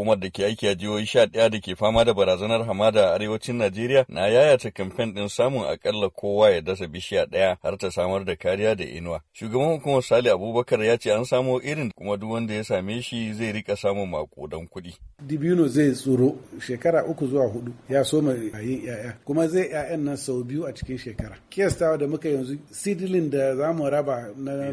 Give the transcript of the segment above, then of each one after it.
Hukumar da ke aiki a jihohi sha ɗaya da ke fama da barazanar hamada a arewacin Najeriya na yayata kamfen ɗin samun akalla kowa ya dasa bishiya ɗaya har ta samar da kariya da inuwa. Shugaban hukumar Sale Abubakar ya ce an samo irin kuma duk wanda ya same shi zai rika samun maƙudan kuɗi. dibino zai tsoro shekara uku zuwa hudu ya soma yin ya'ya kuma zai ya'yan nan sau biyu a cikin shekara kiyastawa da muka yanzu seedling da za mu raba na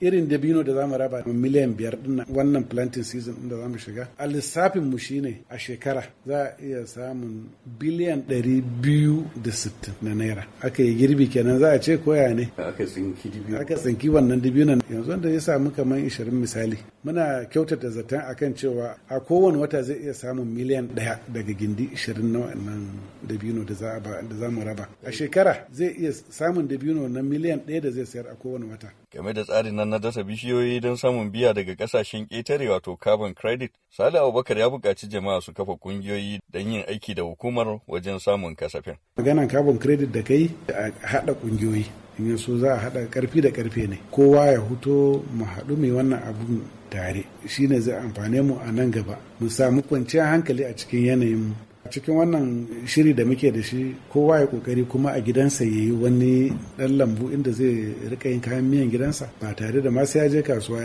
irin dabino da za mu raba miliyan biyar din wannan planting season da za mu shiga a lissafin mu shine a shekara za a iya samun biliyan ɗari biyu da sittin na naira aka yi girbi kenan za a ce koya ne aka tsinki aka tsinki wannan dibinon yanzu wanda ya samu kamar ishirin misali muna kyautata zaton akan cewa a kowane wata Kilomita zai iya samun miliyan ɗaya daga gindi 20 na wannan dabino da za mu raba a shekara zai iya samun dabino na miliyan ɗaya da zai sayar a kowane wata game da tsarin nan na dasa bishiyoyi don samun biya daga kasashen ƙetare wato carbon credit sale abubakar ya buƙaci jama'a su kafa ƙungiyoyi don yin aiki da hukumar wajen samun kasafin maganan carbon credit da kai a haɗa ƙungiyoyi in yaso za a haɗa ƙarfi da ƙarfe ne kowa ya huto mu haɗu mai wannan abun tare shi ne zai amfane mu a nan gaba mu samu kwanciyar hankali a cikin yanayin a cikin wannan shiri da muke da shi kowa ya kokari kuma a gidansa ya yi wani dan lambu inda zai rika yin kayan miyan gidansa ba tare da masu ya je kasuwa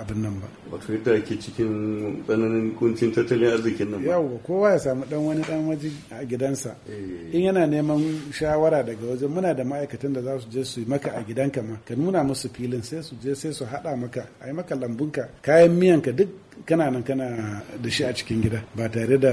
abin nan ba wato yadda ake cikin tsananin kuncin tattalin arzikin nan yawa kowa ya samu dan wani dan waje a gidansa eh. in yana neman shawara daga wajen muna da ma'aikatan da za su je su yi maka a gidanka ma ka nuna musu filin sai su je sai su haɗa maka a yi maka lambunka kayan miyanka duk kana nan kana da shi a cikin gida ba tare da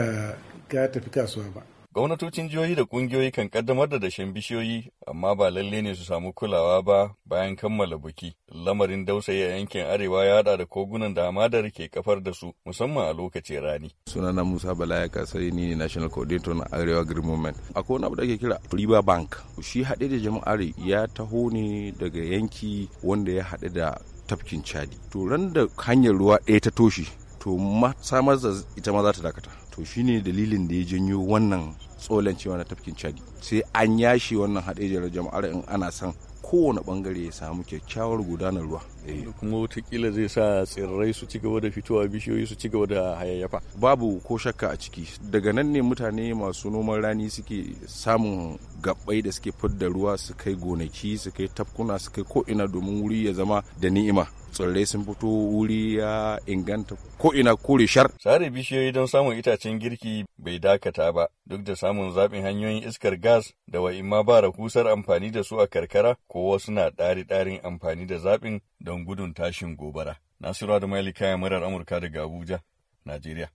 ga tafi kasuwa ba. Gwamnatocin jihohi da kungiyoyi kan kaddamar da dashen bishiyoyi amma ba lalle ne su samu kulawa ba bayan kammala buki. Lamarin dausayi a yankin arewa ya hada da kogunan da hamadar ke kafar da su musamman a lokacin rani. Sunana Musa Bala ya kasai ni ne National Coordinator na Arewa Green Movement. Akwai wani abu da ake kira River Bank. Shi haɗe da jama'ar ya taho ne daga yanki wanda ya haɗe da tafkin Chadi. To ran da hanyar ruwa ɗaya ta toshe to samar da ita ma za ta dakata to shine dalilin da ya janyo wannan tsolancewa na tafkin chadi sai an yashi wannan haɗejiyar jama'ar in ana son kowane bangare ya samu kyakkyawar gudanar ruwa eh. kuma watakila zai sa tsirrai su ci gaba da fitowa bishiyoyi su ci gaba da hayayyafa babu ko shakka a ciki daga nan ne mutane masu noman rani suke samun gabbai da suke fidda ruwa su kai gonaki su kai tafkuna su kai ko domin wuri ya zama da ni'ima tsirrai sun fito wuri ya inganta ko ina kore shar. Sare bishiyoyi don samun itacen girki bai dakata ba duk da samun zaɓin hanyoyin iskar gas da wa imma ba rahusar amfani da su a karkara ko wasu na ɗari-ɗarin amfani da zaɓin don gudun tashin gobara. Nasiru Adamu Malika ya murar Amurka daga Abuja, Najeriya.